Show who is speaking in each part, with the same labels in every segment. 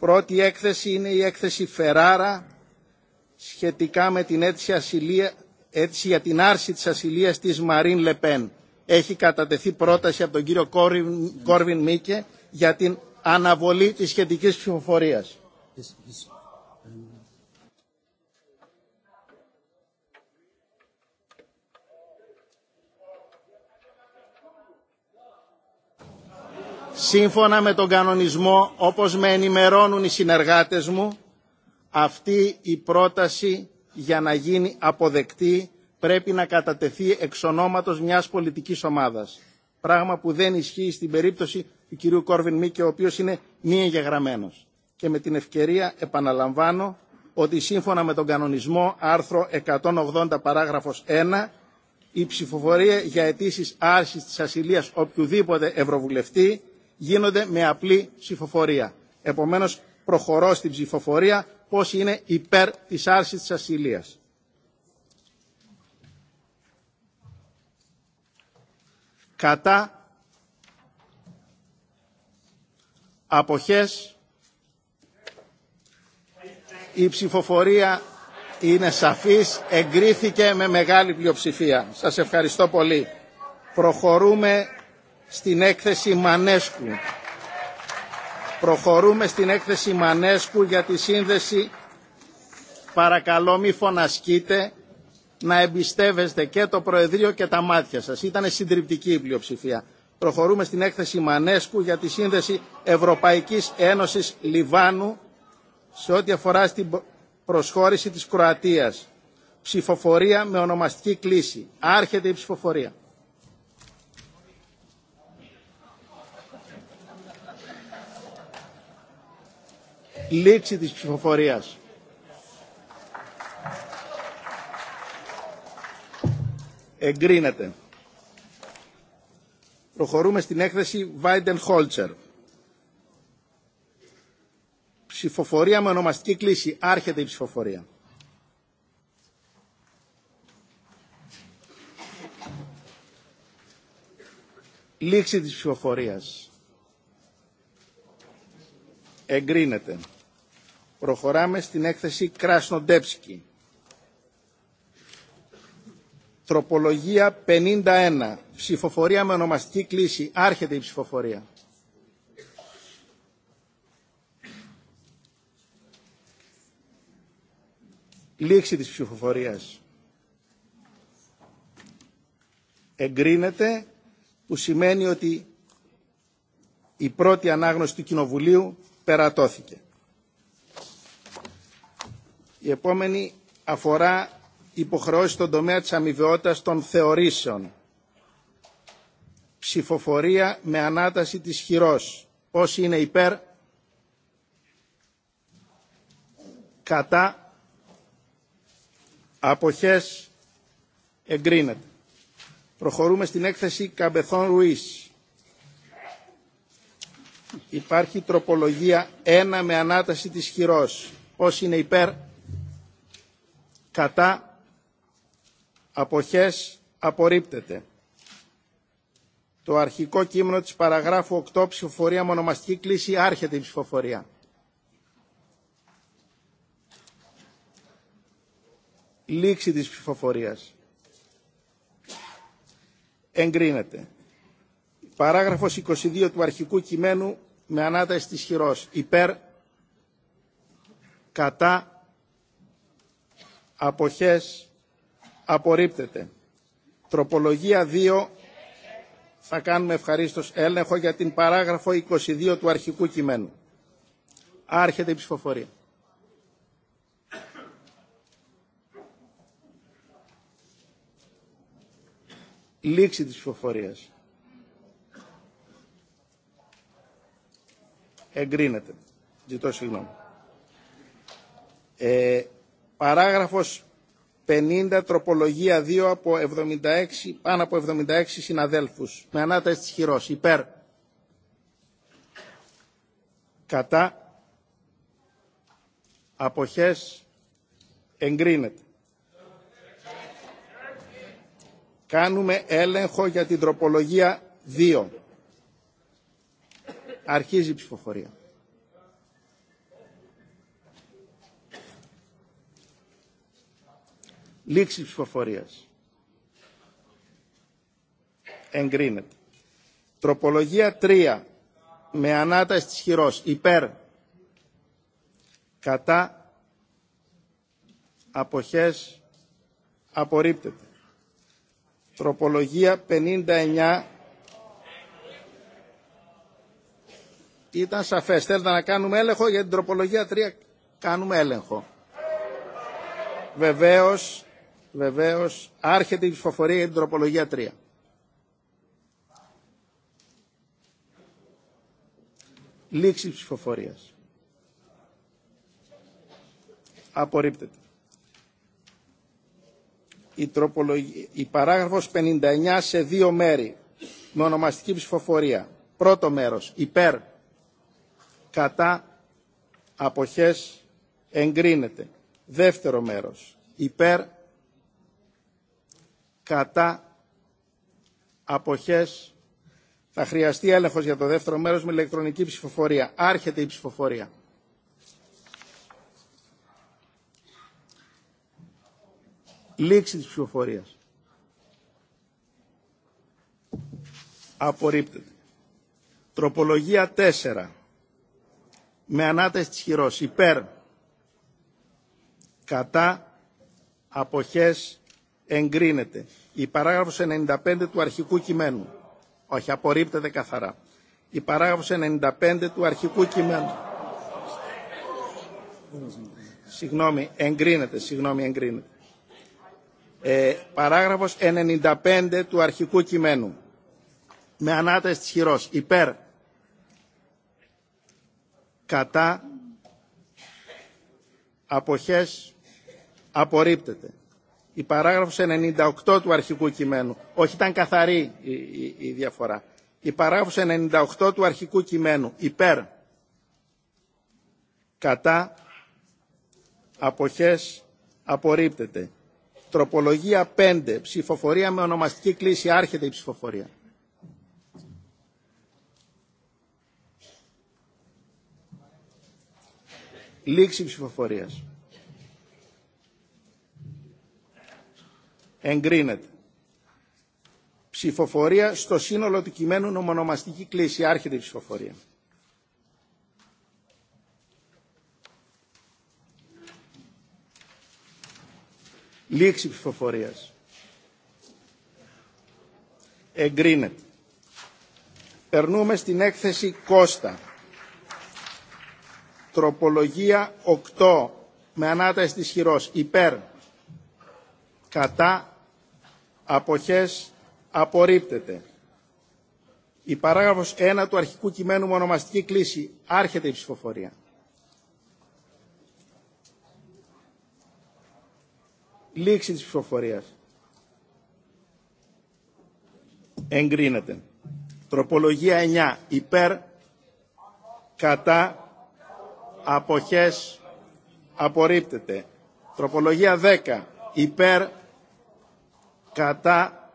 Speaker 1: Πρώτη έκθεση είναι η έκθεση Φεράρα σχετικά με την αίτηση, ασυλία, αίτηση για την άρση της ασυλίας της Μαρίν Λεπέν. Έχει κατατεθεί πρόταση από τον κύριο Κόρβιν, Μίκε για την αναβολή της σχετικής ψηφοφορίας. Σύμφωνα με τον κανονισμό, όπως με ενημερώνουν οι συνεργάτες μου, αυτή η πρόταση για να γίνει αποδεκτή πρέπει να κατατεθεί εξ ονόματος μιας πολιτικής ομάδας. Πράγμα που δεν ισχύει στην περίπτωση του κυρίου Κόρβιν Μίκε, ο οποίος είναι μη εγγεγραμμένος. Και με την ευκαιρία επαναλαμβάνω ότι σύμφωνα με τον κανονισμό άρθρο 180 παράγραφος 1 η ψηφοφορία για αιτήσει άρση της ασυλίας οποιοδήποτε ευρωβουλευτή γίνονται με απλή ψηφοφορία. Επομένως, προχωρώ στην ψηφοφορία πώς είναι υπέρ της άρσης της ασυλίας. Κατά αποχές η ψηφοφορία είναι σαφής, εγκρίθηκε με μεγάλη πλειοψηφία. Σας ευχαριστώ πολύ. Προχωρούμε στην έκθεση Μανέσκου. Προχωρούμε στην έκθεση Μανέσκου για τη σύνδεση παρακαλώ μη φωνασκείτε να εμπιστεύεστε και το Προεδρείο και τα μάτια σας. Ήταν συντριπτική η πλειοψηφία. Προχωρούμε στην έκθεση Μανέσκου για τη σύνδεση Ευρωπαϊκής Ένωσης Λιβάνου σε ό,τι αφορά στην προσχώρηση της Κροατίας. Ψηφοφορία με ονομαστική κλίση. Άρχεται η ψηφοφορία. Λήξη της ψηφοφορίας. Εγκρίνεται. Προχωρούμε στην έκθεση Βάιντεν Χόλτσερ. Ψηφοφορία με ονομαστική κλίση. Άρχεται η ψηφοφορία. Λήξη της ψηφοφορίας. Εγκρίνεται. Προχωράμε στην έκθεση Κράσνο-Τέψικη. Τροπολογία 51. Ψηφοφορία με ονομαστική κλίση. Άρχεται η ψηφοφορία. Λήξη της ψηφοφορίας. Εγκρίνεται, που σημαίνει ότι η πρώτη ανάγνωση του Κοινοβουλίου περατώθηκε. Η επόμενη αφορά υποχρεώσει στον τομέα της αμοιβαιότητας των θεωρήσεων. Ψηφοφορία με ανάταση της χειρός. Όσοι είναι υπέρ, κατά, αποχές, εγκρίνεται. Προχωρούμε στην έκθεση Καμπεθόν Ρουίς. Υπάρχει τροπολογία 1 με ανάταση της χειρός. Όσοι είναι υπέρ, κατά αποχές απορρίπτεται. Το αρχικό κείμενο της παραγράφου 8 ψηφοφορία μονομαστική κλίση άρχεται η ψηφοφορία. Λήξη της ψηφοφορίας. Εγκρίνεται. Παράγραφος 22 του αρχικού κειμένου με ανάταση της χειρός. Υπέρ, κατά, αποχές απορρίπτεται. Τροπολογία 2 θα κάνουμε ευχαρίστως έλεγχο για την παράγραφο 22 του αρχικού κειμένου. Άρχεται η ψηφοφορία. Λήξη της ψηφοφορίας. Εγκρίνεται. Ζητώ συγγνώμη. Ε, Παράγραφος 50, τροπολογία 2 από 76, πάνω από 76 συναδέλφους. Με ανάταση της χειρός. Υπέρ. Κατά. Αποχές. Εγκρίνεται. Κάνουμε έλεγχο για την τροπολογία 2. Αρχίζει η ψηφοφορία. Λήξη ψηφοφορίας. Εγκρίνεται. Τροπολογία 3. Με ανάταση της χειρός. Υπέρ. Κατά. Αποχές. Απορρίπτεται. Τροπολογία 59. Ήταν σαφές. Θέλετε να κάνουμε έλεγχο για την τροπολογία 3. Κάνουμε έλεγχο. Βεβαίως Βεβαίως, άρχεται η ψηφοφορία για την τροπολογία 3. Λήξη ψηφοφορίας. Απορρίπτεται. Η, τροπολογι η παράγραφος 59 σε δύο μέρη με ονομαστική ψηφοφορία. Πρώτο μέρος, υπέρ, κατά, αποχές, εγκρίνεται. Δεύτερο μέρος, υπέρ, κατά αποχές θα χρειαστεί έλεγχος για το δεύτερο μέρος με ηλεκτρονική ψηφοφορία. Άρχεται η ψηφοφορία. Λήξη της ψηφοφορίας. Απορρίπτεται. Τροπολογία 4. Με ανάταση της χειρός. Υπέρ. Κατά. Αποχές εγκρίνεται. Η παράγραφος 95 του αρχικού κειμένου. Όχι, απορρίπτεται καθαρά. Η παράγραφος 95 του αρχικού κειμένου. Συγγνώμη, εγκρίνεται, συγγνώμη, εγκρίνεται. Ε, παράγραφος 95 του αρχικού κειμένου. Με ανάταση της χειρός. Υπέρ. Κατά. Αποχές. Απορρίπτεται η παράγραφος 98 του αρχικού κειμένου. Όχι, ήταν καθαρή η, διαφορά. Η παράγραφος 98 του αρχικού κειμένου. Υπέρ. Κατά. Αποχές. Απορρίπτεται. Τροπολογία 5. Ψηφοφορία με ονομαστική κλίση. Άρχεται η ψηφοφορία. Λήξη ψηφοφορίας. Εγκρίνεται. Ψηφοφορία στο σύνολο του κειμένου νομονομαστική κλίση. Άρχεται η ψηφοφορία. Λήξη ψηφοφορίας. Εγκρίνεται. Περνούμε στην έκθεση Κώστα. Τροπολογία 8 με ανάταση της χειρός. Υπέρ κατά αποχές απορρίπτεται. Η παράγραφος 1 του αρχικού κειμένου με ονομαστική κλίση άρχεται η ψηφοφορία. Λήξη της ψηφοφορίας. Εγκρίνεται. Τροπολογία 9. Υπέρ, κατά, αποχές, απορρίπτεται. Τροπολογία 10 υπέρ κατά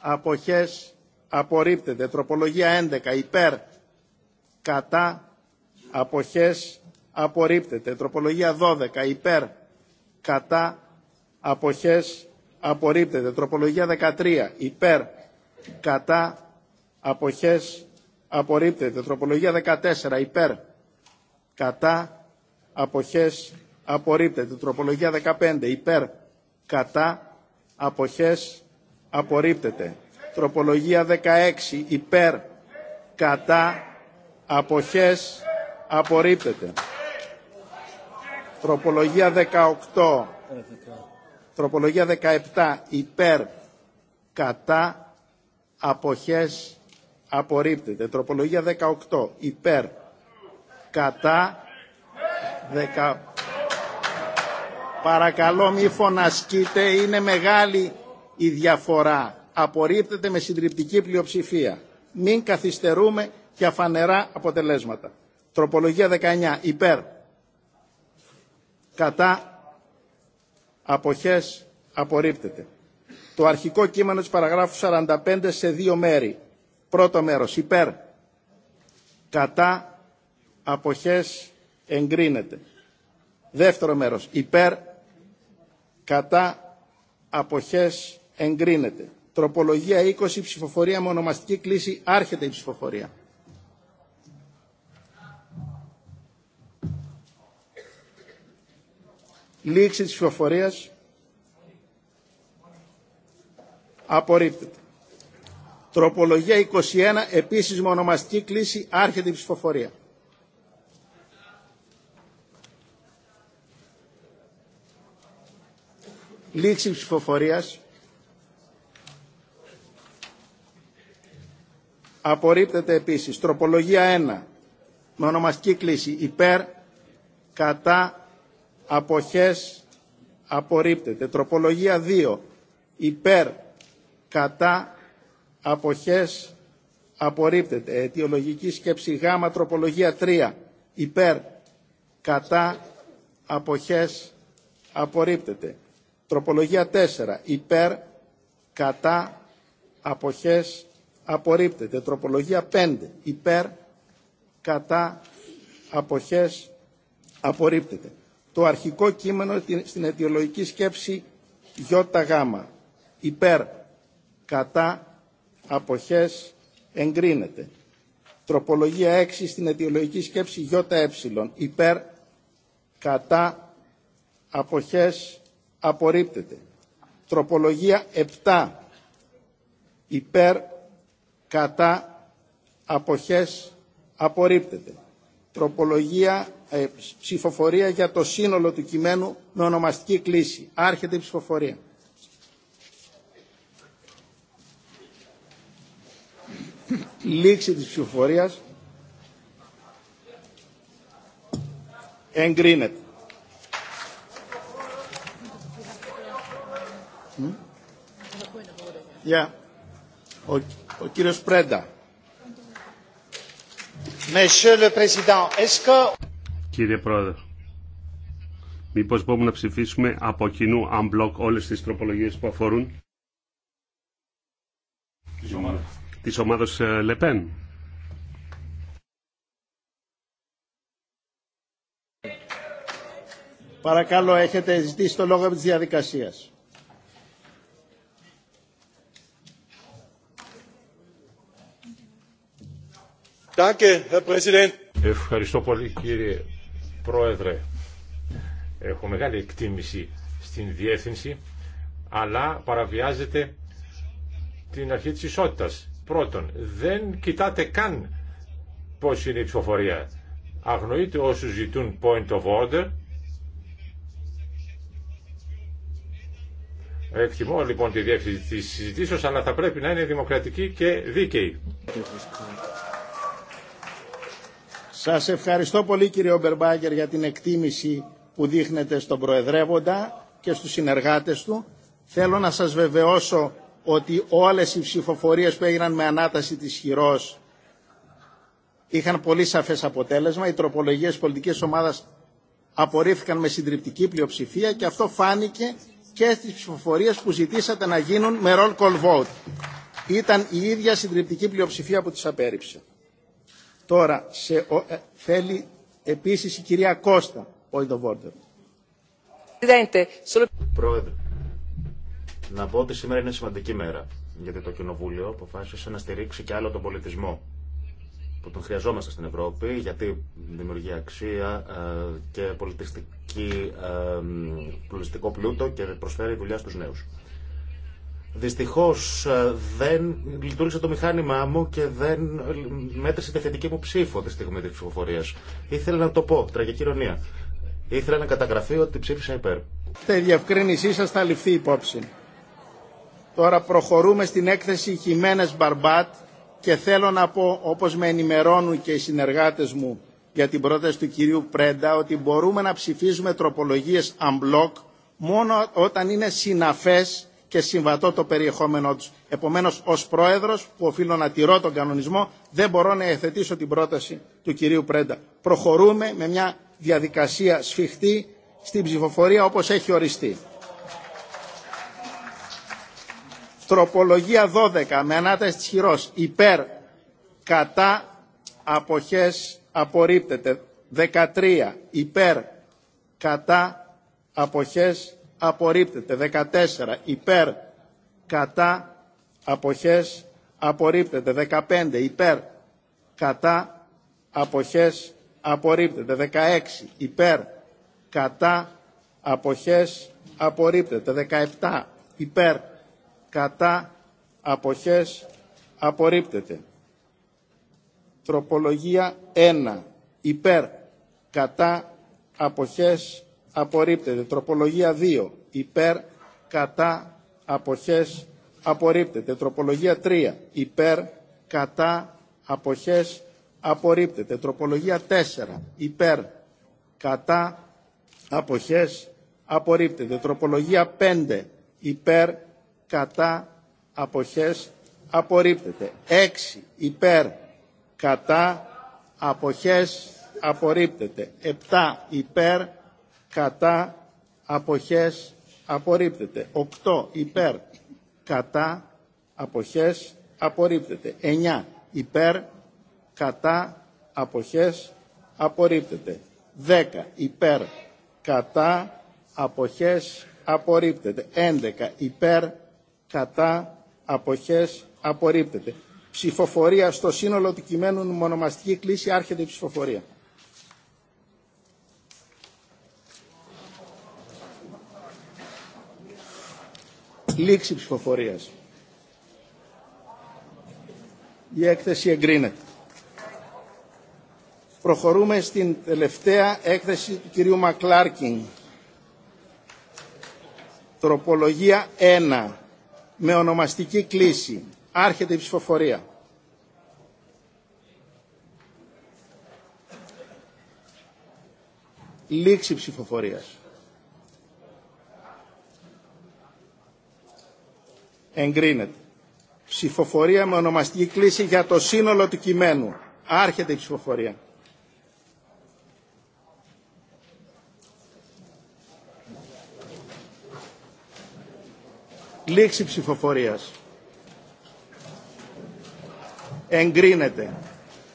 Speaker 1: αποχές απορρίπτεται. Τροπολογία 11 υπέρ κατά αποχές απορρίπτεται. Τροπολογία 12 υπέρ κατά αποχές απορρίπτεται. Τροπολογία 13 υπέρ κατά αποχές απορρίπτεται. Τροπολογία 14 υπέρ κατά αποχές απορρίπτεται. Τροπολογία 15 υπέρ κατά αποχές απορρίπτεται. Τροπολογία 16 υπέρ κατά αποχές απορρίπτεται. Τροπολογία 18 Τροπολογία 17 υπέρ κατά αποχές απορρίπτεται. Τροπολογία 18 υπέρ κατά Παρακαλώ μη φωνασκείτε, είναι μεγάλη η διαφορά. Απορρίπτεται με συντριπτική πλειοψηφία. Μην καθυστερούμε για φανερά αποτελέσματα. Τροπολογία 19. Υπέρ. Κατά. Αποχές. Απορρίπτεται. Το αρχικό κείμενο της παραγράφου 45 σε δύο μέρη. Πρώτο μέρος. Υπέρ. Κατά. Αποχές. Εγκρίνεται. Δεύτερο μέρος. Υπέρ κατά αποχές εγκρίνεται. Τροπολογία 20 ψηφοφορία με ονομαστική κλίση άρχεται η ψηφοφορία. Λήξη της ψηφοφορίας απορρίπτεται. Τροπολογία 21 επίσης με ονομαστική κλίση άρχεται η ψηφοφορία. Λήξη ψηφοφορία. Απορρίπτεται επίσης. Τροπολογία 1. Με ονομαστική κλίση υπέρ, κατά, αποχές, απορρίπτεται. Τροπολογία 2. Υπέρ, κατά, αποχές, απορρίπτεται. Αιτιολογική σκέψη γ, τροπολογία 3. Υπέρ, κατά, αποχές, απορρίπτεται. Τροπολογία 4. Υπέρ, κατά, αποχές, απορρίπτεται. Τροπολογία 5. Υπέρ, κατά, αποχές, απορρίπτεται. Το αρχικό κείμενο στην αιτιολογική σκέψη ΙΓ. Υπέρ, κατά, αποχές, εγκρίνεται. Τροπολογία 6 στην αιτιολογική σκέψη ΙΕ. Υπέρ, κατά, αποχές, απορρίπτεται. Τροπολογία 7 υπέρ κατά αποχές απορρίπτεται. Τροπολογία, ε, ψηφοφορία για το σύνολο του κειμένου με ονομαστική κλίση. Άρχεται η ψηφοφορία. Λήξη της ψηφοφορίας εγκρίνεται. Yeah. Ο, ο κύριος Πρέντα. Κύριε Πρόεδρε, μήπως μπορούμε να ψηφίσουμε από κοινού unblock όλες τις τροπολογίες που αφορούν της ομάδας, της ομάδας Λεπέν. Παρακαλώ, έχετε ζητήσει το λόγο της διαδικασίας. Ευχαριστώ πολύ κύριε Πρόεδρε. Έχω μεγάλη εκτίμηση στην διεύθυνση, αλλά παραβιάζεται την αρχή της ισότητας. Πρώτον, δεν κοιτάτε καν πώς είναι η ψηφοφορία. Αγνοείτε όσους ζητούν point of order. Εκτιμώ λοιπόν τη διεύθυνση της συζητήσεως, αλλά θα πρέπει να είναι δημοκρατική και δίκαιη. Σας ευχαριστώ πολύ κύριε Ομπερμπάγκερ για την εκτίμηση που δείχνετε στον Προεδρεύοντα και στους συνεργάτες του. Θέλω να σας βεβαιώσω ότι όλες οι ψηφοφορίες που έγιναν με ανάταση της χειρός είχαν πολύ σαφές αποτέλεσμα. Οι τροπολογίες πολιτικής ομάδας απορρίφθηκαν με συντριπτική πλειοψηφία και αυτό φάνηκε και στις ψηφοφορίες που ζητήσατε να γίνουν με roll call vote. Ήταν η ίδια συντριπτική πλειοψηφία που τις απέρριψε. Τώρα σε, ο, ε, θέλει επίσης η κυρία Κώστα, ο το Πρόεδρε, να πω ότι σήμερα είναι σημαντική μέρα, γιατί το Κοινοβούλιο αποφάσισε να στηρίξει και άλλο τον πολιτισμό που τον χρειαζόμαστε στην Ευρώπη, γιατί δημιουργεί αξία ε, και πολιτιστική, ε, πολιτιστικό πλούτο και προσφέρει δουλειά στους νέους. Δυστυχώ, ε, δεν λειτουργήσε το μηχάνημά μου και δεν μέτρησε τη θετική μου ψήφο τη στιγμή τη ψηφοφορία. Ήθελα να το πω, τραγική ηρωνία. Ήθελα να καταγραφεί ότι ψήφισα υπέρ. Η διευκρίνησή σα θα ληφθεί υπόψη. Τώρα προχωρούμε στην έκθεση Χιμένε Μπαρμπάτ και θέλω να πω, όπως με ενημερώνουν και οι συνεργάτε μου για την πρόταση του κυρίου Πρέντα, ότι μπορούμε να ψηφίζουμε τροπολογίες unblock μόνο όταν είναι συναφές και συμβατό το περιεχόμενό του. Επομένω, ω Πρόεδρος που οφείλω να τηρώ τον κανονισμό, δεν μπορώ να εθετήσω την πρόταση του κυρίου Πρέντα. Προχωρούμε με μια διαδικασία σφιχτή στην ψηφοφορία όπως έχει οριστεί. Τροπολογία 12 με ανάταση τη χειρός υπέρ κατά αποχές απορρίπτεται. 13 υπέρ κατά αποχές απορρίπτεται. 14 υπέρ κατά αποχές απορρίπτεται. 15 υπέρ κατά αποχές απορρίπτεται. 16 υπέρ κατά αποχές απορρίπτεται. 17 υπέρ κατά αποχές απορρίπτεται. Τροπολογία 1 υπέρ κατά αποχές απορρίπτεται. Τροπολογία 2 υπέρ κατά αποχές απορρίπτεται. Τροπολογία 3 υπέρ κατά αποχές απορρίπτεται. Τροπολογία 4 υπέρ κατά αποχές απορρίπτεται. Τροπολογία 5 υπέρ κατά αποχές απορρίπτεται. 6 υπέρ κατά αποχές απορρίπτεται. 7 υπέρ κατά αποχές απορρίπτεται 8 υπέρ κατά αποχές απορρίπτεται 9 υπέρ κατά αποχές απορρίπτεται 10 υπέρ κατά αποχές απορρίπτεται 11 υπέρ κατά αποχές απορρίπτεται ψηφοφορία στο σύνολο του κειμένου μονομαστική κλίση άρχεται η ψηφοφορία Λήξη ψηφοφορίας. Η έκθεση εγκρίνεται. Προχωρούμε στην τελευταία έκθεση του κυρίου Μακλάρκιν. Τροπολογία 1. Με ονομαστική κλίση. Άρχεται η ψηφοφορία. Λήξη ψηφοφορίας. εγκρίνεται. Ψηφοφορία με ονομαστική κλίση για το σύνολο του κειμένου. Άρχεται η ψηφοφορία. Λήξη ψηφοφορίας. Εγκρίνεται.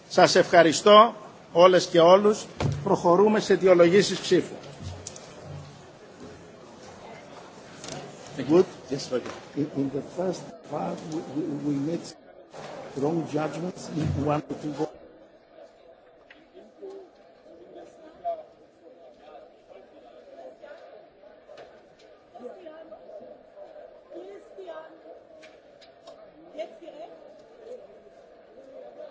Speaker 1: Σας ευχαριστώ όλες και όλους. Προχωρούμε σε αιτιολογήσεις ψήφου. Good? Yes, very In the first part, we made wrong judgments in one or two